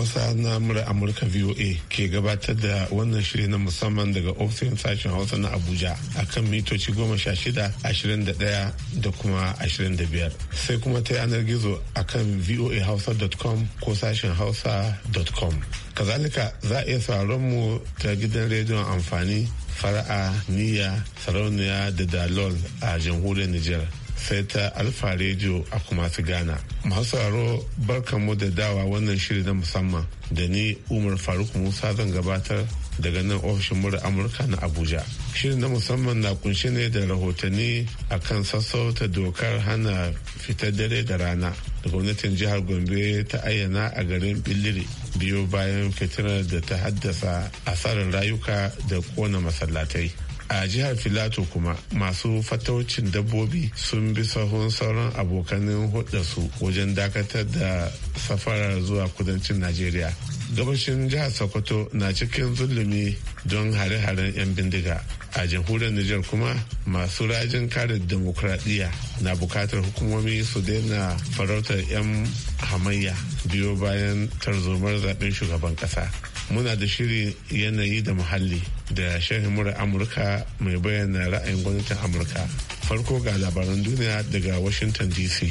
hausa na mura amurka voa ke gabatar da wannan shirin na musamman daga ofishin sashen hausa na abuja akan mitoci goma sha shida ashirin da daya da kuma ashirin da biyar sai kuma ta yanar gizo a akan voahausa.com ko sashen hausa.com kazalika za a iya sauraron mu ta gidan rediyon amfani fara'a niyya sarauniya da dalol a jamhuriyar nijar sai ta alfa radio a kuma su ghana masu sauraro barkanmu da dawa wannan shiri na musamman da ni umar faruk musa zan gabatar daga nan ofishin mura amurka na abuja shirin na musamman na kunshe ne da rahotanni a kan sassauta dokar hana fitar dare da rana da gwamnatin jihar gombe ta ayyana a garin billiri biyo bayan fitinar da ta haddasa asarin rayuka da kona masallatai a jihar filato kuma masu fataucin dabbobi sun bi sahun sauran abokanin su wajen dakatar da safarar zuwa kudancin najeriya gabashin jihar sokoto na cikin zulumi don hare-haren 'yan bindiga a jamhuriyar Nijar kuma masu rajin kare demokradiyya na bukatar hukumomi su daina farautar 'yan hamayya biyo bayan tarzomar zaben shugaban kasa muna da shirin yanayi da muhalli da shirin murar amurka mai bayyana ra'ayin gwamnatin amurka farko ga labaran duniya daga washington dc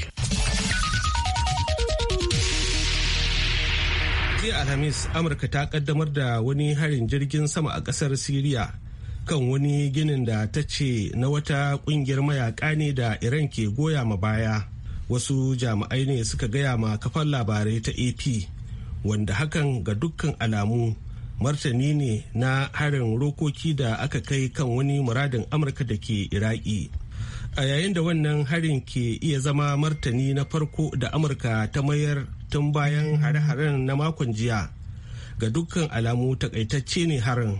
jiya alhamis amurka ta kaddamar da wani harin jirgin sama a kasar siriya kan wani ginin da ta ce na wata kungiyar mayaka ne da iran ke goya ma baya wasu jami'ai ne suka gaya ma kafar labarai ta ap wanda hakan ga dukkan alamu martani ne na harin rokoki da aka kai kan wani muradin amurka da ke iraki a yayin da wannan harin ke iya zama martani na farko da amurka ta mayar tun bayan hare-haren na makon jiya ga dukkan alamu takaitacce ne harin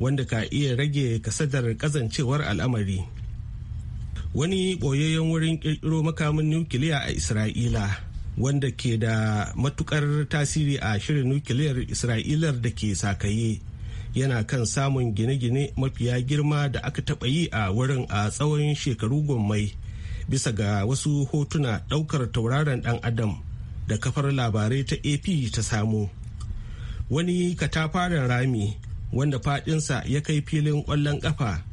wanda ka iya rage kasadar kazancewar al'amari wani ɓoyayyen wurin ƙirƙiro makamin nukiliya a isra'ila wanda ke da matukar tasiri a shirin nukiliyar isra'ilar da ke sakaye yana kan samun gine-gine mafiya girma da aka taɓa yi a wurin a tsawon shekaru gommai bisa ga wasu hotuna ɗaukar tauraron ɗan adam da kafar labarai ta ap ta samu wani katafaren rami wanda fadinsa ya kai filin ƙwallon ƙafa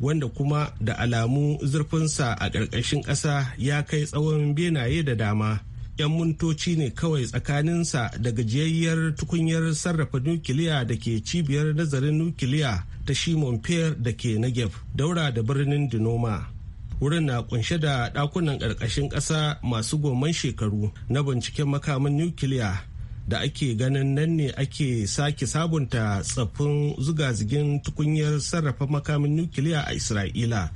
wanda kuma da alamu zurfinsa a ƙarƙashin ƙasa ya kai tsawon benaye da dama 'yan mintoci ne kawai tsakaninsa da gajiyayyar tukunyar sarrafa nukiliya da ke cibiyar nazarin nukiliya ta shimon pier da ke nagev daura da birnin dinoma wurin na kunshe da dakunan ƙarƙashin ƙasa masu goman shekaru na binciken makamin nukiliya da ake ganin nan ne ake sake sabunta tsaffin zugazigin tukunyar sarrafa makamin nukiliya a isra'ila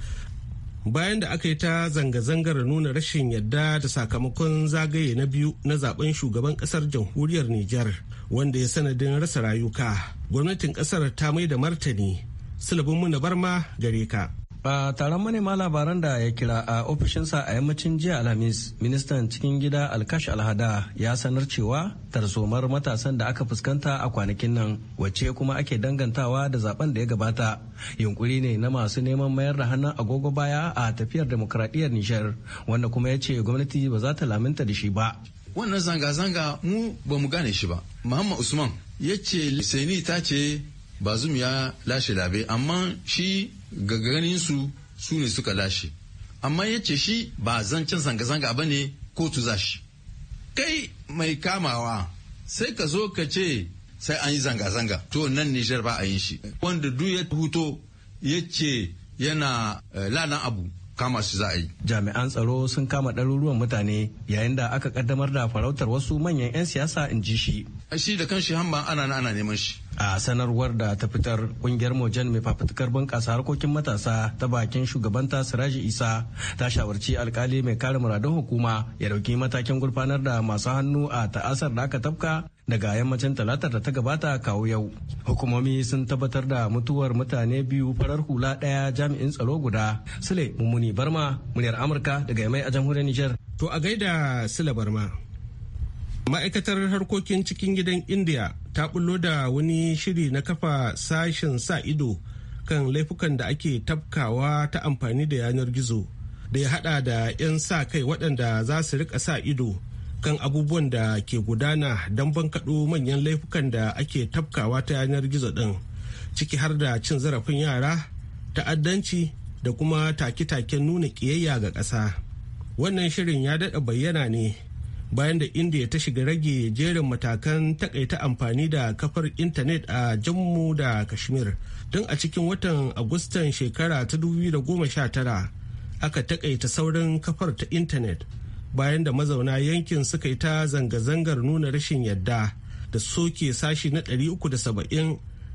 bayan da aka yi ta zanga-zangar nuna rashin yadda da sakamakon zagaye na biyu na zaben shugaban kasar jamhuriyar Nijar wanda ya sanadin rasa rayuka. Gwamnatin kasar ta mai da martani. Sulabin mu na barma gare ka. A taron manema labaran da ya kira a ofishinsa a yammacin jiya Alhamis, ministan cikin gida Alkash Alhada ya sanar cewa tarsomar matasan da aka fuskanta a kwanakin nan wacce kuma ake dangantawa da zaben da ya gabata. Yunkuri ne na masu neman mayar da hannun agogo baya a tafiyar demokradiyyar Nijar, wanda kuma ya ce gwamnati ba za ta laminta da shi ba. Wannan zanga-zanga mu ba mu gane shi ba. Muhammad Usman ya ce ta ce Bazum ya lashe labe amma shi ga ganin su su ne suka lashe amma ya ce shi ba zancen zanga-zanga ba ne kotu za shi kai mai kamawa sai ka zo ka ce sai an yi zanga-zanga to nan nijar ba a yin shi wanda duk ya huto ya ce yana eh, ladan abu kama shi za a yi. Jami'an tsaro sun kama ɗaruruwan mutane yayin da aka kaddamar da farautar wasu manyan 'yan siyasa in ji shi. shi da kanshi hamba ana ana neman shi a sanarwar da ta fitar kungiyar mojan mai fafutukar bunƙasa harkokin matasa ta bakin shugabanta siraji isa ta shawarci alkali mai kare muradun hukuma ya dauki matakin gurfanar da masu hannu a ta'asar da aka tafka daga yammacin talatar da ta gabata kawo yau hukumomi sun tabbatar da mutuwar mutane biyu farar hula ɗaya jami'in tsaro guda sule mummuni barma muryar amurka daga mai a jamhuriyar Nijar. to a gaida sule barma ma'aikatar harkokin cikin gidan india ta bullo da wani shiri na kafa sashen sa ido kan laifukan da ake tafkawa ta amfani da yanar gizo da ya hada da 'yan sa kai waɗanda za su rika sa ido kan abubuwan da ke gudana don bankaɗo manyan laifukan da ake tafkawa ta yanar gizo ɗin ciki har da cin zarafin yara ta'addanci da kuma take-taken nuna ƙiyayya ga ƙasa wannan shirin ya daɗa bayyana ne bayan da india ta shiga rage jerin matakan takaita amfani da kafar intanet a jammu da kashmir tun a cikin watan agustan shekara ta 2019 aka takaita saurin kafar ta intanet bayan da mazauna yankin suka yi ta zanga-zangar nuna rashin yadda da soke sashi na 370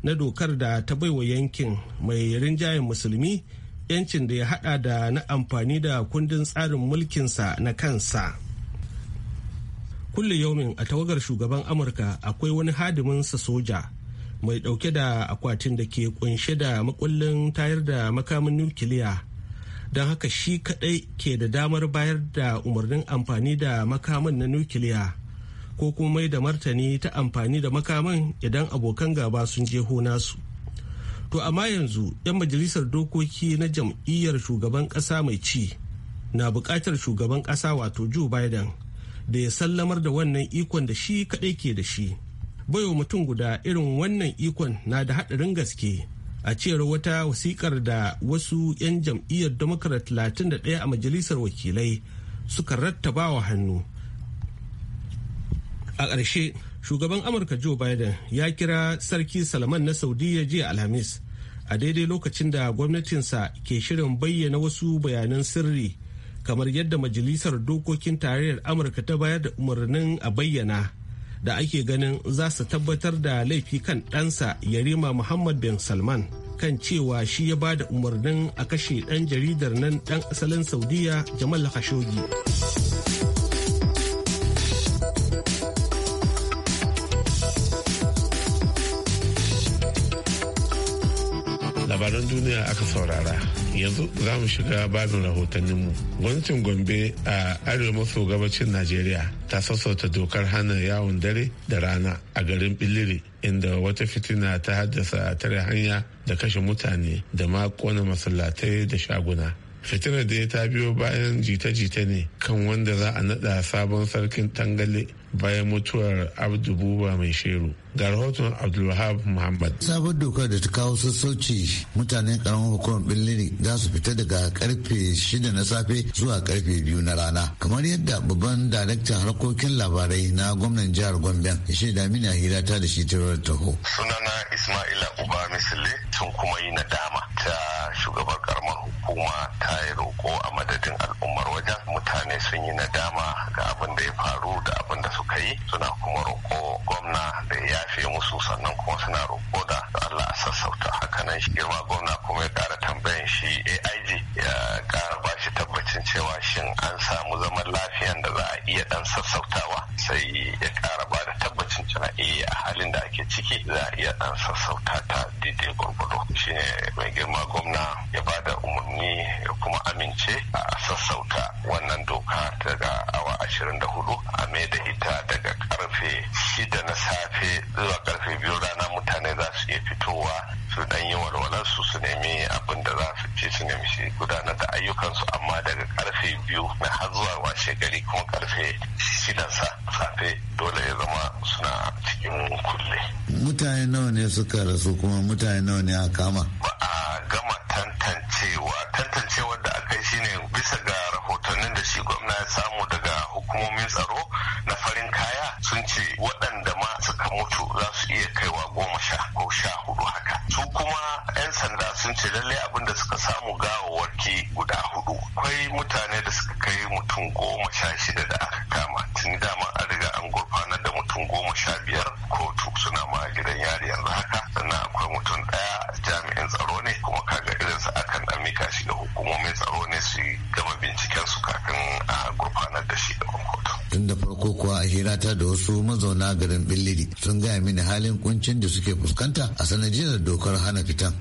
na dokar da ta baiwa yankin mai rinjayen musulmi yancin da ya hada da na amfani da kundin tsarin mulkinsa na kansa. kulle yaumin a tawagar shugaban amurka akwai wani hadimin sa soja mai dauke da akwatin da ke kunshe da makullin tayar da makamin nukiliya don haka shi kadai ke da damar bayar da umarnin amfani da makamin na nukiliya ko kuma mai da martani ta amfani da makamin idan abokan gaba sun jeho nasu to amma yanzu 'yan majalisar dokoki na jam'iyyar shugaban kasa mai ci na bukatar shugaban kasa wato joe biden da ya sallamar da wannan ikon da shi kadai ke da shi baiwa mutum guda irin wannan ikon na da haɗarin gaske a cewar wata wasikar da wasu 'yan jam'iyyar democrat ɗaya a majalisar wakilai suka rattabawa hannu a ƙarshe shugaban amurka joe biden ya kira sarki salman na saudiya jiya alhamis a daidai lokacin da gwamnatinsa ke shirin bayyana wasu bayanan sirri kamar yadda majalisar dokokin tarayyar amurka ta bayar da umarnin a bayyana da ake ganin za su tabbatar da laifi kan ɗansa yarima muhammad bin salman kan cewa shi ya ba da umarnin a kashe ɗan jaridar nan ɗan asalin saudiya jamal khashoggi labaran duniya aka saurara yanzu za mu shiga babin rahotanninmu gwamnatin gombe a arewa maso gabacin najeriya ta sassauta dokar hana yawon dare da rana a garin bilire inda wata fitina ta haddasa tare hanya da kashe mutane da ma kona masallatai da shaguna fitinar da ya ta biyo bayan jita-jita ne kan wanda za a nada sabon sarkin tangale bayan mutuwar abdu buba mai sheru ga rahoton abdulwahab muhammad sabon dokar da ta kawo sassauci mutanen karamin hukumar birnin za su fita daga karfe shida na safe zuwa karfe biyu na rana kamar yadda babban daraktan harkokin labarai na gwamnan jihar gombe ya shaida mini a hira ta da shi ta taho sunana ismaila uba misile tun kuma yi nadama ta shugaban karamar hukuma ta yi roko a madadin al'ummar wajen mutane sun yi nadama ga abin da ya faru da abin da suka yi suna kuma roko gwamna da ya yafe musu sannan kuma suna roƙo da Allah a sassauta hakanan shi girma gwamna kuma ya ƙara tambayan shi AIG ya ƙara ba shi tabbacin cewa shin an samu zaman lafiyan da za a iya ɗan sassautawa sai ya ƙara ba da tabbacin cewa eh a halin da ake ciki za a iya ɗan sassauta ta daidai gwargwado shine mai girma gwamna ya ba da umarni ya kuma amince a sassauta wannan doka daga awa ashirin da hudu a mai da ita daga karfe shida na safe zuwa karfe biyu rana mutane za su iya fitowa su dan yi walwalar su su nemi abin da za su ci su nemi shi gudanar da ayyukansu amma daga karfe biyu na har zuwa washe gari kuma karfe shidan safe dole ya zama suna cikin kulle. mutane nawa ne suka rasu kuma mutane nawa ne a kama. ba a gama tantancewa tantancewa da aka yi shine bisa ga rahotannin da shi gwamna ya samu daga hukumomin tsaro na farin kaya sun ce waɗanda ko sha hudu haka su kuma 'yan sanda sun ce lallai abin da suka samu gawawarki guda hudu akwai mutane da suka kai mutum goma sha shida da hira da wasu mazauna garin Billiri sun gaya mini halin kuncin da suke fuskanta a sanadiyar dokar hana fitan.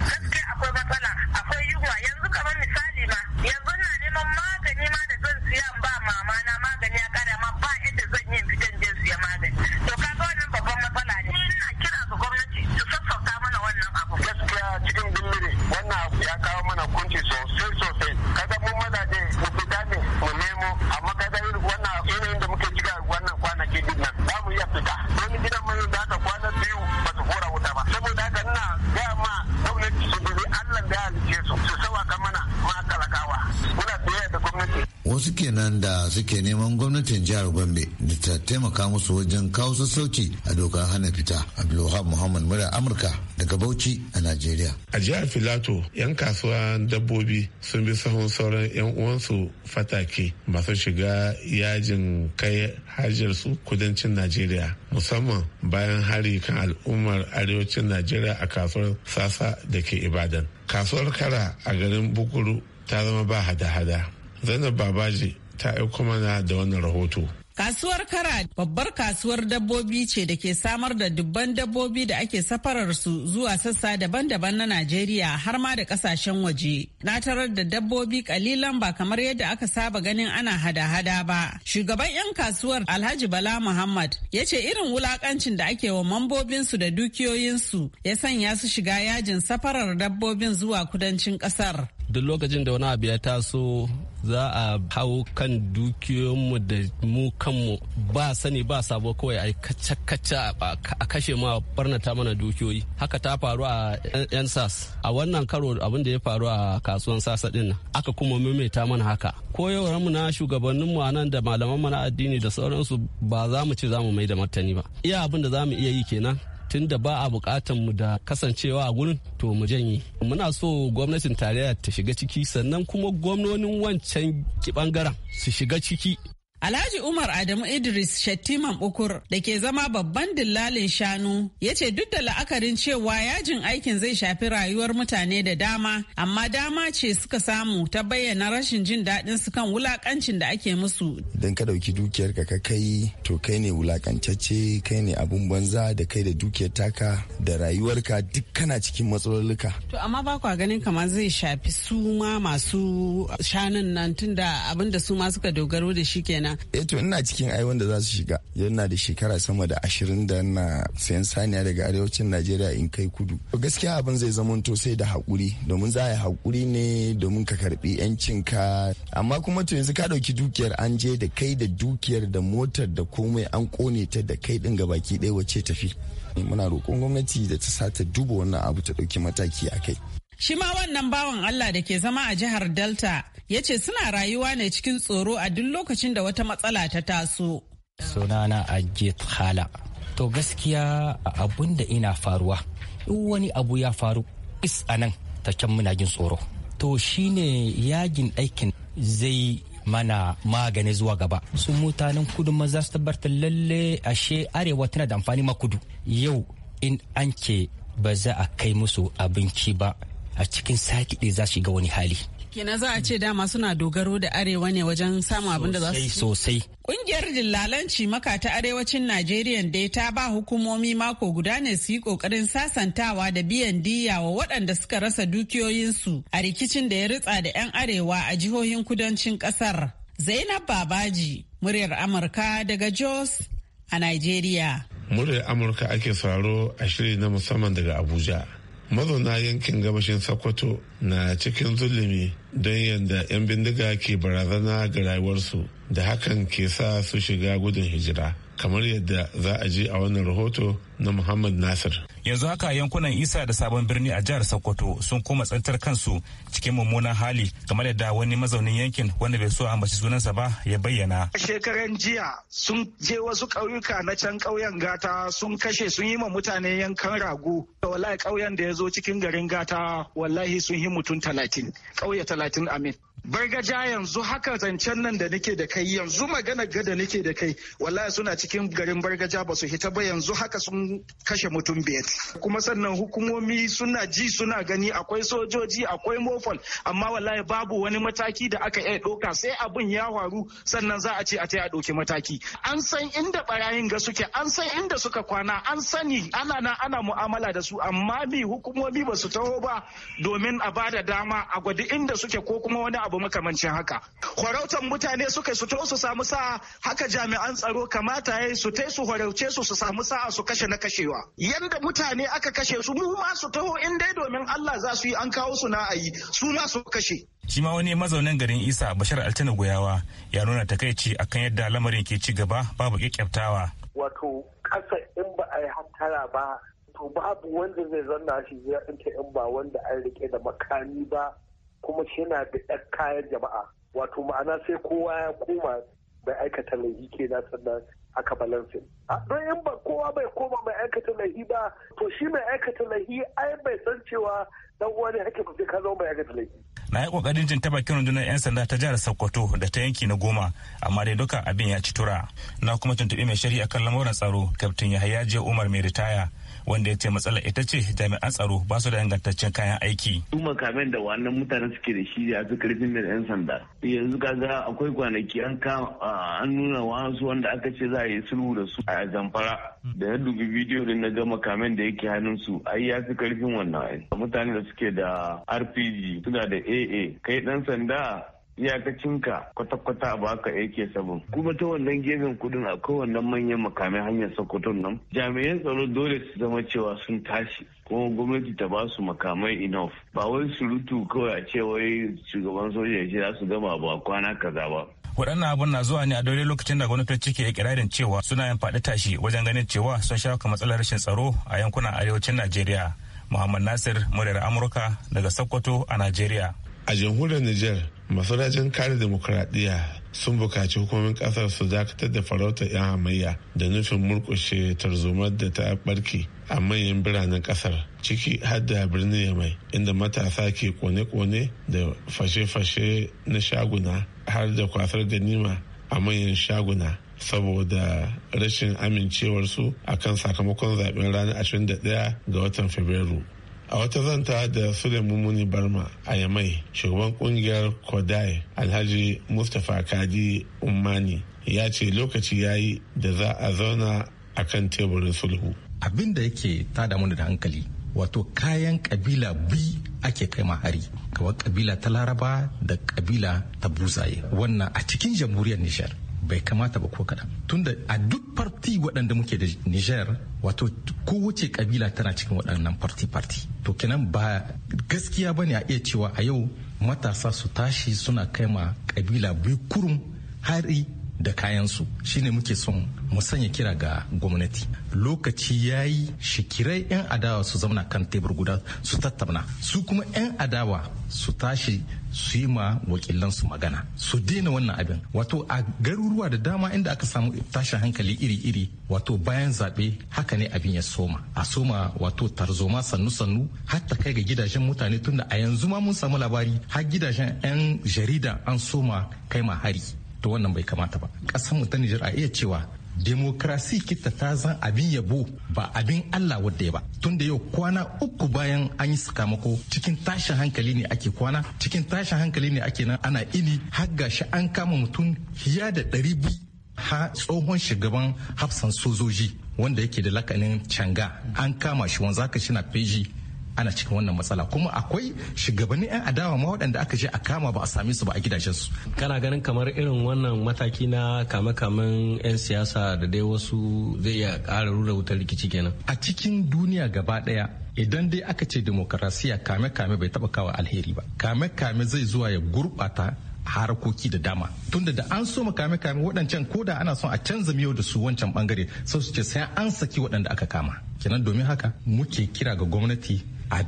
wasu kenan da suke neman gwamnatin jihar gombe da ta taimaka musu wajen kawo sassauci a dokar hana fita Abdullahi muhammad mura amurka daga bauchi a najeriya a jihar filato yan kasuwa dabbobi sun bi sahun sauran yan uwansu fatake masu shiga yajin kai hajjarsu kudancin najeriya musamman bayan hari kan al'ummar arewacin najeriya a kasuwar sasa da ke ibadan kasuwar kara a garin bukuru ta zama ba hada-hada Zainab Babaji ta aiko mana da wannan rahoto. Kasuwar kara babbar kasuwar dabbobi ce da ke samar da dubban dabbobi da ake safarar su zuwa sassa daban-daban na Najeriya har ma da kasashen waje. Na tarar da dabbobi kalilan ba kamar yadda aka saba ganin ana hada-hada ba. Shugaban 'yan kasuwar Alhaji Bala Muhammad ya ce irin wulakancin da ake wa mambobinsu da dukiyoyinsu ya sanya su shiga yajin safarar dabbobin zuwa kudancin kasar. Duk lokacin da wani abu ya taso za a hau kan dukiyoyinmu da mu kanmu ba sani ba sabo kawai a kace-kace a kashe ma barnata mana dukiyoyi haka ta faru a yan sas a wannan karo abin da ya faru a kasuwan sasa din aka kuma maimaita mana haka koyarwarmu na shugabanninmu a nan da malaman mana addini da sauransu ba za mu ce za mu mai da martani ba iya abin da za mu iya yi kenan tunda ba a bukatan mu da kasancewa a gurin to mu janye muna so gwamnatin tarayya ta shiga ciki sannan kuma gwamnonin wancan ki bangaren su shiga ciki Alhaji Umar Adamu Idris Shattiman Bukur da ke zama babban dillalin shanu ya ce duk da la'akarin cewa yajin aikin zai shafi rayuwar mutane da dama, amma dama ce suka samu ta bayyana rashin jin daɗin su kan wulakancin da ake musu. Idan ka ɗauki dukiyar ka kai to kai ne wulakantacce kai ne abun banza da kai da dukiyar taka da rayuwarka duk kana cikin matsalolika. To amma ba kwa ganin kamar zai shafi su ma masu shanun nan tunda abin da su ma suka dogaro da shi kenan. kenan eh to ina cikin ai wanda za su shiga yana da shekara sama da ashirin da na sayan saniya daga arewacin najeriya in kai kudu gaskiya abin zai zamanto sai da haƙuri domin za a yi haƙuri ne domin ka karɓi ka. amma kuma to yanzu ka ɗauki dukiyar an je da kai da dukiyar da motar da komai an kone ta da kai ɗin gabaki ɗaya wace tafi muna roƙon gwamnati da ta sata duba wannan abu ta ɗauki mataki a kai shi ma wannan bawan allah da ke zama a jihar delta ya ce suna rayuwa ne cikin tsoro a duk lokacin da wata matsala ta taso. Sunana Ajit Hala. To gaskiya abun da ina faruwa, in wani abu ya faru is a nan ta can muna jin tsoro. To shine yagin aikin zai mana magani zuwa gaba su mutanen kudu maza su tabbata lalle ashe arewa tana da amfani ma kudu yau in an ce ba za a kai musu abinci ba a cikin sati ɗaya za shiga wani hali Kina za a ce dama suna dogaro da arewa ne wajen samun abin da za su sosai. Kungiyar dillalanci maka ta arewacin Najeriya dai ta ba hukumomi mako guda ne su yi kokarin sasantawa da biyan diya wa waɗanda suka rasa dukiyoyinsu a rikicin da ya ritsa da 'yan arewa a jihohin kudancin ƙasar. Zainab Babaji, muryar Amurka daga Jos a Najeriya. Muryar Amurka ake sauraro a shiri na musamman daga Abuja. mazauna yankin gabashin sokoto na cikin zulumi don yadda 'yan bindiga ke barazana ga rayuwarsu da hakan ke sa su shiga gudun hijira kamar yadda za a je a wannan rahoto na Muhammad Nasir. Yanzu haka yankunan Isa da Sabon Birni a jihar Sokoto sun koma tsantar kansu cikin mummunan hali kamar da wani mazaunin yankin wanda bai so ambaci sunansa ba ya bayyana. Shekaran jiya sun je wasu ƙauyuka na can ƙauyen gata sun kashe sun yi ma mutane yankan rago. Wallahi ƙauyen da ya zo cikin garin gata wallahi sun yi mutum talatin. Ƙauye talatin amin. Bargaja yanzu haka zancen nan da nake da kai yanzu magana ga da nake da kai wallahi suna cikin garin bargaja ba su hita ba yanzu haka sun kashe mutum biyar kuma sannan hukumomi suna ji suna gani akwai sojoji akwai mofol amma wallahi babu wani mataki da aka iya doka sai abin ya faru sannan za a ce a taya a mataki an san inda barayin ga suke an san inda suka kwana an sani ana na ana mu'amala da su amma bi hukumomi ba taho ba domin a ba dama a gwadi inda suke ko kuma wani abu makamancin haka horautan mutane suka su taho su samu sa'a haka jami'an tsaro kamata ya su tai su horauce su su samu sa'a su kashe na kashewa yanda mutane aka kashe su mu ma su taho in dai domin Allah za su yi an kawo su na ayi su ma su kashe shi ma wani mazaunin garin isa bashar altina goyawa ya nuna takaici akan yadda lamarin ke ci gaba babu kyakkyaftawa wato kasa in ba a yi hattara ba to babu wanda zai zanna shi ya inta in ba wanda an rike da makami ba kuma shi yana da ɗan kayan jama'a wato ma'ana sai kowa ya koma bai aikata laifi kenan sannan aka balansin. Ah, don in ba kowa bai koma mai aikata lahi ba, to shi mai aikata lahi ai bai san cewa dan uwa ne ake ba sai ka zama mai aikata lahi. Na yi kokarin jin taba rundunar 'yan sanda ta jihar Sokoto da ta yanki na goma, amma dai duka abin ya ci tura. Na kuma tuntuɓi mai shari'a kan lamuran tsaro, Kaftin Yahaya Jiya Umar mai ritaya, wanda ya ce matsalar ita ce jami'an tsaro ba su da ingantaccen kayan aiki. Su makamai da wannan mutane suke da shi a karfin da 'yan sanda. Yanzu kaga akwai kwanaki an kama an nuna wasu wanda aka ce za a yi sulhu da su a zamfara. Da na dubi bidiyo din na ga makamai da yake hannun su ai ya fi karfin wannan ai. Mutane da suke da RPG suna da AA kai dan sanda iyakacinka kwata-kwata a baka ak sabon kuma ta wannan gefen kudin a kowanne manyan makamai hanyar sokoton nan jami'an tsaro dole su zama cewa sun tashi kuma gwamnati ta ba su makamai enough ba wai surutu kawai a ce wai shugaban soja ya ce za su gama ba kwana kaza ba waɗannan abun na zuwa ne a dole lokacin da ciki ke kirarin cewa suna yin faɗi tashi wajen ganin cewa sun shafa matsalar rashin tsaro a yankunan arewacin najeriya muhammad nasir muryar amurka daga sokoto a najeriya a jamhuriyar Nijar masu rajin kare demokuraɗiyya sun bukaci hukumomin kasar su dakatar da farautar 'yan hamayya da nufin murkushe tarzomar da ta barke a manyan biranen kasar ciki har da birnin yamai inda matasa ke kone-kone da fashe-fashe na shaguna har da kwasar ganima a manyan shaguna saboda rashin amincewarsu akan sakamakon zaben ranar 21 ga watan fabrairu a wata zanta da sule mummuni barma a yamai shugaban kungiyar kodai alhaji mustapha kadi umani ya ce lokaci ya yi da za a zauna a kan teburin sulhu abin da yake tada mana da hankali wato kayan kabila bi ake kai hari kawai kabila ta laraba da kabila ta buzaye wannan a cikin jamhuriyar nishar bai kamata ba ko kaɗan tunda a duk farti waɗanda muke da niger wato kowace kabila tana cikin waɗannan farti-farti to kenan ba gaskiya ba ne a iya cewa a yau matasa su tashi suna kai ma kabila bai kurum hari da kayansu shine muke son mu sanya kira ga gwamnati lokaci ya yi shikirai 'yan adawa su zauna kan tebur guda su tattauna su kuma 'yan adawa su tashi su yi ma wakilansu magana su daina wannan abin wato a garuruwa da dama inda aka samu tashin hankali iri-iri wato bayan zaɓe haka ne abin ya soma a soma wato tarzoma sannu-sannu har kai ga gidajen mutane tunda a yanzu ma mun samu labari har gidajen 'yan jarida an soma kai ma hari to wannan bai kamata ba ƙasar mu ta Nijar a iya cewa demokrasi kita ta zan abin yabo ba abin Allah wadda ya ba tun da yau kwana uku bayan an yi sakamako cikin tashin hankali ne ake kwana cikin tashin hankali ne ake nan ana ini har gashi an kama mutum fiya da ɗari biyu ha tsohon shugaban hafsan sojoji wanda yake da lakanin canga an kama shi wanzaka shi na feji ana cikin wannan matsala kuma akwai shugabannin 'yan adawa ma waɗanda aka je a kama ba a same su ba a gidajensu kana ganin kamar irin wannan mataki na kame-kamen 'yan siyasa da dai wasu zai iya ƙara rura wutar rikici kenan a cikin duniya gaba ɗaya idan dai aka ce demokarasiya kame-kame bai taɓa kawo alheri ba kame-kame zai zuwa ya gurɓata harkoki da dama tunda da an so makame kame waɗancan koda ana son a canza miyau da su wancan bangare sau su ce sai an saki waɗanda aka kama kenan domin haka muke kira ga gwamnati a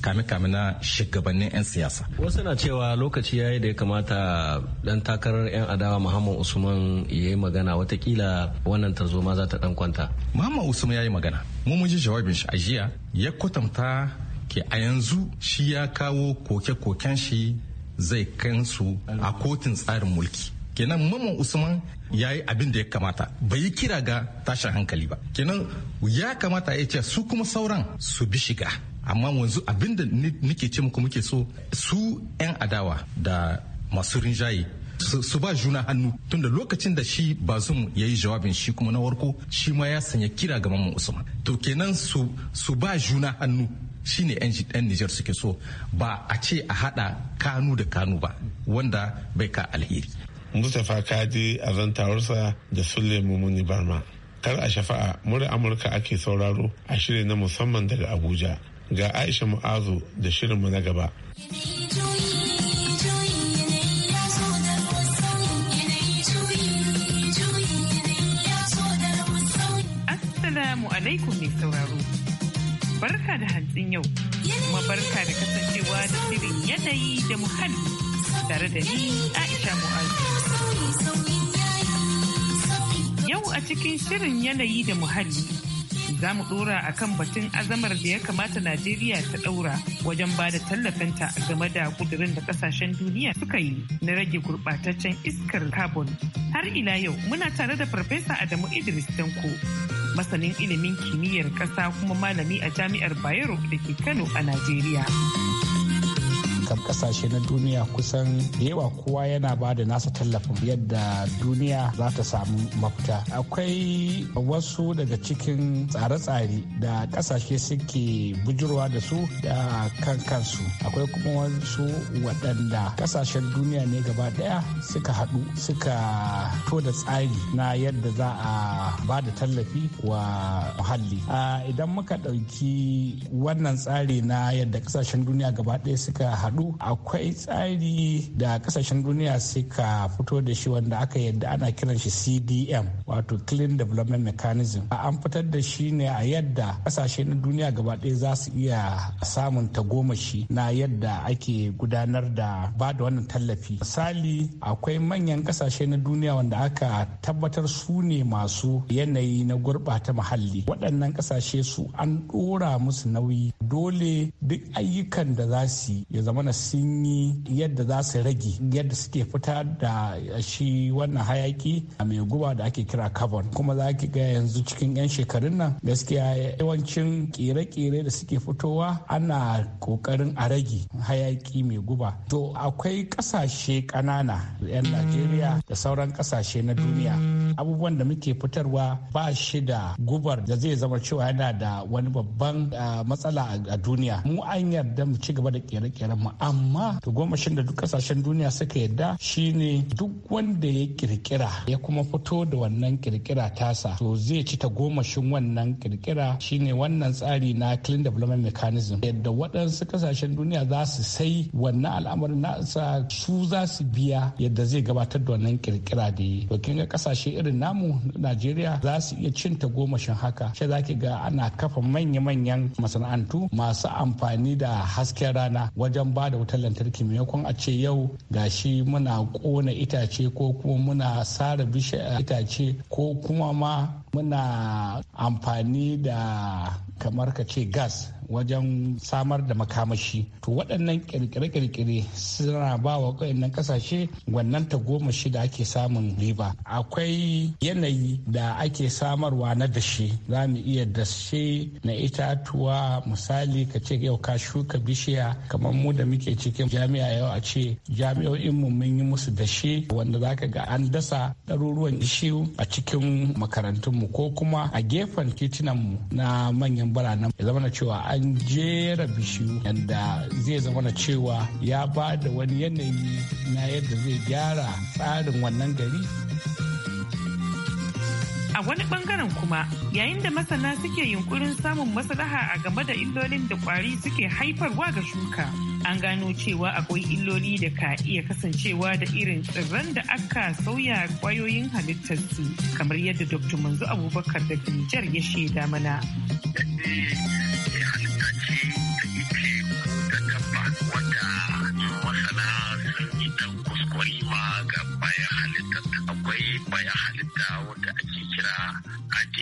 kame-kame na shugabannin 'yan siyasa. Wasu na cewa lokaci yayi da ya kamata dan takarar 'yan adawa Muhammad Usman ya yi magana watakila wannan tarzoma za ta dan kwanta. Muhammad Usman ya yi magana. Mu mun ji jawabin shi a jiya ya kwatanta ke a yanzu shi ya kawo koke-koken shi zai kansu a kotun tsarin mulki. kenan maman usman ya yi abin da ya kamata bai yi kira ga tashin hankali ba kenan ya kamata ya ce su kuma sauran su bi shiga amma wanzu abinda nike ce muku muke so su 'yan adawa da masu rinjaye su ba juna hannu tunda lokacin da shi bazum ya yi jawabin shi kuma na warko shi ma ya sanya kira ga mamman usman to kenan su ba juna hannu shi shine 'yan Nijar suke so ba a ce a hada kanu da kanu ba wanda bai ka alheri. Mustapha Kadi a zantawarsa da Sule Mumuni Barma. Kar a shafa'a muri Amurka ake sauraro a shirya na musamman daga Abuja ga aisha mu'azu da shirinmu na gaba Assalamu alaikum mai sauraro. Barka da hantsin yau, kuma barka da kasancewa da shirin yanayi da muhalli tare da ni Aisha Mu'azu. Yau a cikin shirin yanayi da muhalli za mu dora a kan batun azamar da ya kamata Najeriya ta daura wajen ba da tallafinta game da kudurin da kasashen duniya suka yi na rage gurɓataccen iskar carbon. Har ila yau muna tare da Farfesa Adamu Idris Danko. Masanin ilimin kimiyyar ƙasa kuma malami a jami'ar Bayero da ke Kano a Najeriya. kan kasashe na duniya kusan da yawa kowa yana ba da nasa tallafin yadda duniya za ta samu mafita akwai wasu daga cikin tsare-tsare da kasashe suke bujurwa da su da kan kansu akwai kuma wasu waɗanda kasashen duniya ne gaba ɗaya suka haɗu suka to da tsari na yadda za a ba da tallafi wa muhalli idan muka ɗauki wannan tsari na yadda kasashen duniya gaba ɗaya suka haɗu haɗu akwai tsari da kasashen duniya suka fito da shi wanda aka yadda ana kiran shi cdm wato clean development mechanism an fitar da shi ne a yadda kasashe na duniya gaba ɗaya za su iya samun tagomashi na yadda ake gudanar da ba da wannan tallafi misali akwai manyan kasashe na duniya wanda aka tabbatar su ne masu yanayi na gurɓata muhalli waɗannan kasashe su an ɗora musu nauyi dole duk ayyukan da za su yi ya zama mana sun yi yadda za su rage yadda suke fita da shi wannan hayaki mai guba da ake kira carbon kuma za ki ga yanzu cikin 'yan shekarun nan gaskiya yawancin kere-kere da suke fitowa ana kokarin a rage hayaki mai guba to akwai kasashe ƙanana 'yan najeriya da sauran kasashe na duniya abubuwan da muke fitarwa ba shi da gubar da zai zama cewa yana da wani babban eh, matsala a duniya mu an yarda mu ci gaba da kere-keren mu amma amma tagomashin da duk kasashen duniya suka yadda shine duk wanda ya kirkira ya kuma fito da wannan kirkira tasa to zai ci ta tagomashin wannan kirkira shine wannan tsari na clean development mechanism yadda waɗansu kasashen duniya za su sai wannan al'amarin nasa su za su biya yadda zai gabatar da wannan kirkira da yi to kin ga kasashe irin namu Najeriya za su iya cin ta tagomashin haka shi za ki ga ana kafa manya-manyan masana'antu masu amfani da hasken rana wajen ba ba da wutar lantarki maimakon a ce yau shi muna kona itace ko kuma muna sare bishiya itace ko kuma ma muna amfani da kamar ka ce gas wajen samar da makamashi to waɗannan kirkire-kirkire suna ba wa waɗannan ƙasashe wannan ta shi da ake samun riba akwai yanayi da ake samarwa na dashe za mu iya dashe na itatuwa misali ka ce yau ka shuka bishiya kamar mu da muke cikin jami'a yau a ce jami'o'in mu mun yi musu dashe wanda zaka ga an dasa ɗaruruwan ishiyu a cikin makarantun mu mu ko kuma a gefen titunan mu na manyan biranen ya zama na cewa an jera bishiyu yadda zai zama na cewa ya ba da wani yanayi na yadda zai gyara tsarin wannan gari A wani bangaren kuma yayin da masana suke yunkurin samun maslaha a game da illolin da kwari suke haifarwa ga shuka. an gano cewa akwai illoli da ka iya kasancewa da irin tsirran da aka sauya kwayoyin halittarsu kamar yadda dr manzo abubakar da nijar ya shaida mana sun ga akwai bayan halittar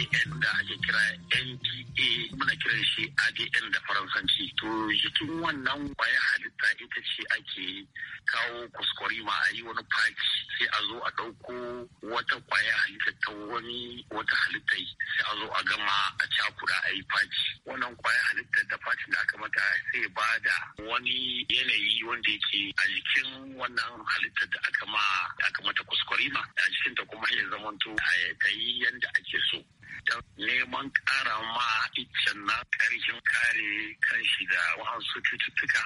ADN da ake kira NDA muna kiran shi ADN da faransanci to jikin wannan kwaya halitta ita ce ake kawo kuskure ma a yi wani faci sai a zo a ɗauko wata kwaya halittar ta wani wata halitta sai a zo a gama a cakuda a yi faci wannan kwaya halittar da faki da aka mata sai ba da wani yanayi wanda yake a jikin wannan halittar da aka mata kuskure ma a jikin ta kuma ya zamanto ta yi yanda ake so ta neman ƙara ma iccen na ƙarshen kare shi da wa'ansu cututtuka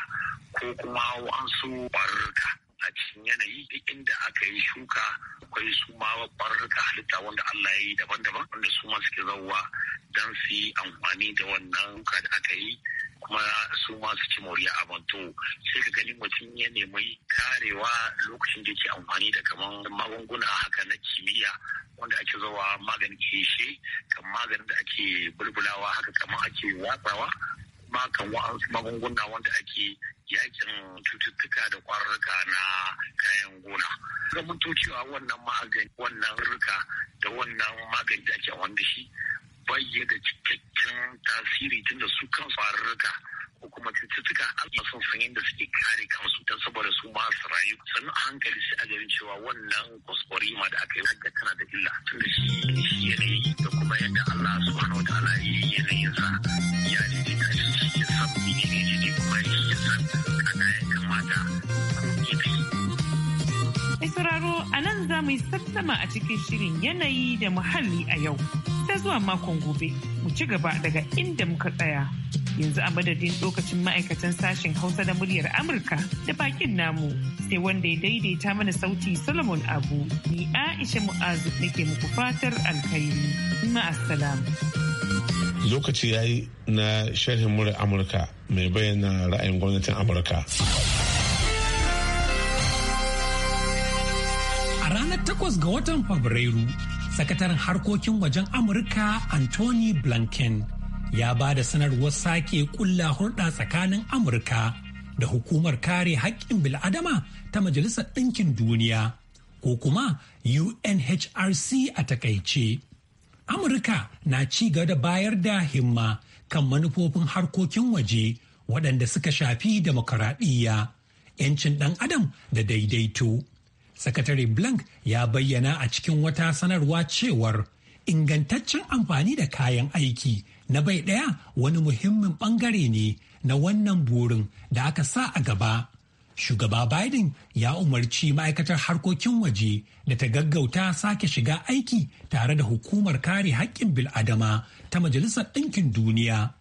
ko kuma wa'ansu ƙwarurruka. a cikin yanayi duk inda aka yi shuka akwai su ma ƙwarurruka halitta wanda Allah ya yi daban-daban wanda su ma suke zauwa don su yi amfani da wannan da aka yi kuma su ma su ci moriya a banto sai ka gani mutum ya nemi karewa lokacin da yake amfani da kaman magunguna haka na kimiyya wanda ake zawa maganin keshe kan maganin da ake bulbulawa haka kamar ake watsawa kuma kan wa'ansu magunguna wanda ake yakin cututtuka da kwarurruka na kayan gona. Zamanto cewa wannan magani wannan rurruka da wannan magani da ake wanda shi bayyana da sun tasiri tun da su kansu rarraka ko kuma cututtuka Allah sun san yadda suke kare kansu don saboda su ma su rayu sannan a hankali sai a garin cewa wannan ma da aka yi hajjar tana da illa tun da shi yanayi da kuma yadda Allah subhanahu wataala ya yi sa ya daidaita shi ya sabbi ne ne kuma shi ya san sauraro a nan za mu yi sassama a cikin shirin yanayi da muhalli a yau. ta zuwa makon gobe mu ci gaba daga inda muka tsaya. Yanzu a madadin lokacin ma'aikatan sashen Hausa da muryar Amurka da bakin namu sai wanda ya daidaita mana sauti Solomon Abu. Ni Aisha Mu'azu nake muku fatar alkhairi. Ma'asalam. Lokaci ya yi na sharhin muryar Amurka mai bayyana ra'ayin gwamnatin Amurka. takwas ga watan Fabrairu, sakataren harkokin wajen Amurka Anthony Blinken ya ba da sanarwar sake kulla hulɗa tsakanin Amurka da hukumar kare haƙƙin bil'adama ta Majalisar Ɗinkin Duniya ko kuma UNHRC a takaice. Amurka na ci gaba da bayar da himma kan manufofin harkokin waje waɗanda suka shafi demokaradiyya, 'yancin ɗan adam da daidaito. sakatare blank ya bayyana a cikin wata sanarwa cewar ingantaccen amfani da kayan aiki na bai ɗaya wani muhimmin ɓangare ne na wannan burin da aka sa a gaba shugaba biden ya umarci ma'aikatar harkokin waje da ta gaggauta sake shiga aiki tare da hukumar kare haƙƙin bil'adama ta majalisar ɗinkin duniya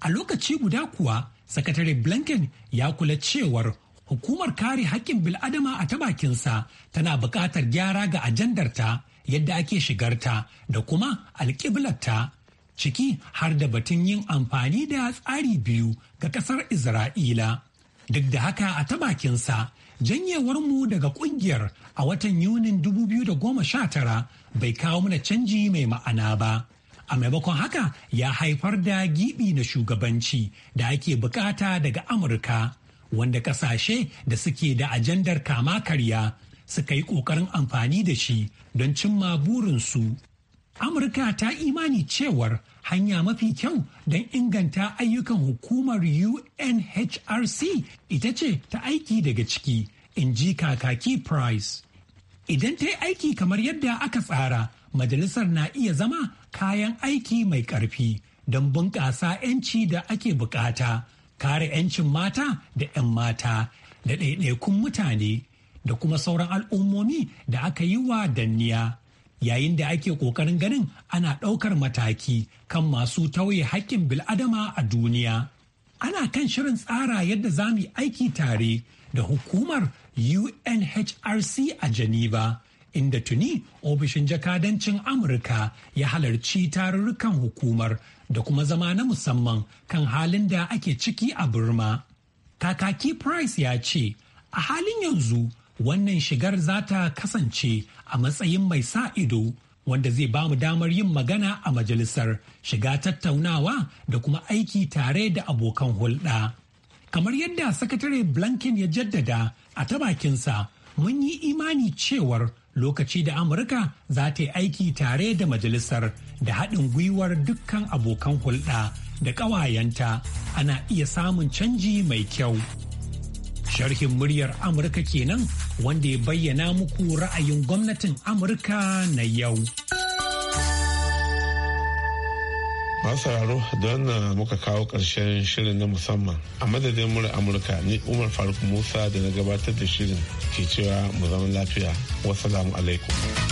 a lokaci guda kuwa sakatare blinken ya kula cewar hukumar kare haƙƙin bil'adama a ta bakinsa tana buƙatar gyara ga ajandarta yadda ake shigarta da kuma alƙiblarta ciki har da batun yin amfani da tsari biyu ga ƙasar Isra'ila. Duk da haka a ta bakinsa, mu daga ƙungiyar a watan Yunin 2019 bai kawo mana canji mai ma'ana ba. A maimakon haka ya haifar da gibi na shugabanci da ake bukata daga Amurka. wanda kasashe da suke da ajandar kama karya suka yi ƙoƙarin amfani da shi don cimma burinsu. Amurka ta imani cewar hanya mafi kyau don inganta ayyukan hukumar UNHRC ita ce ta aiki daga ciki, in ji kakaki Price. Idan ta yi aiki kamar yadda aka tsara, majalisar na iya zama kayan aiki mai ƙarfi don bunƙasa 'yanci da ake bukata kare 'yancin mata da 'yan mata da ɗaiɗaikun mutane da kuma sauran al'ummomi da aka yi wa danniya yayin da ake ƙoƙarin ganin ana ɗaukar mataki kan masu tauye haƙƙin bil'adama a duniya. Ana kan shirin tsara yadda za mu yi aiki tare da hukumar UNHRC a Geneva. inda tuni ofishin jakadancin amurka ya halarci tarurrukan hukumar da kuma zama na musamman kan halin da ake ciki a Burma. Kakaki Price ya ce, a halin yanzu wannan shigar za ta kasance a matsayin mai sa ido wanda zai ba mu damar yin magana a majalisar shiga tattaunawa da kuma aiki tare da abokan hulɗa. Kamar yadda sakatare Blanken ya jaddada a ta bakinsa, mun yi imani cewar lokaci da amurka za ta yi aiki tare da majalisar da haɗin gwiwar dukkan abokan hulɗa da ƙawayenta ana iya samun canji mai kyau sharhin muryar amurka kenan wanda ya bayyana muku ra'ayin gwamnatin amurka na yau. masu da don na muka kawo ƙarshen shirin na musamman a madadin mura amurka ni umar faruk musa da na gabatar da shirin ke cewa mu zama lafiya wasu alaikum. alaikum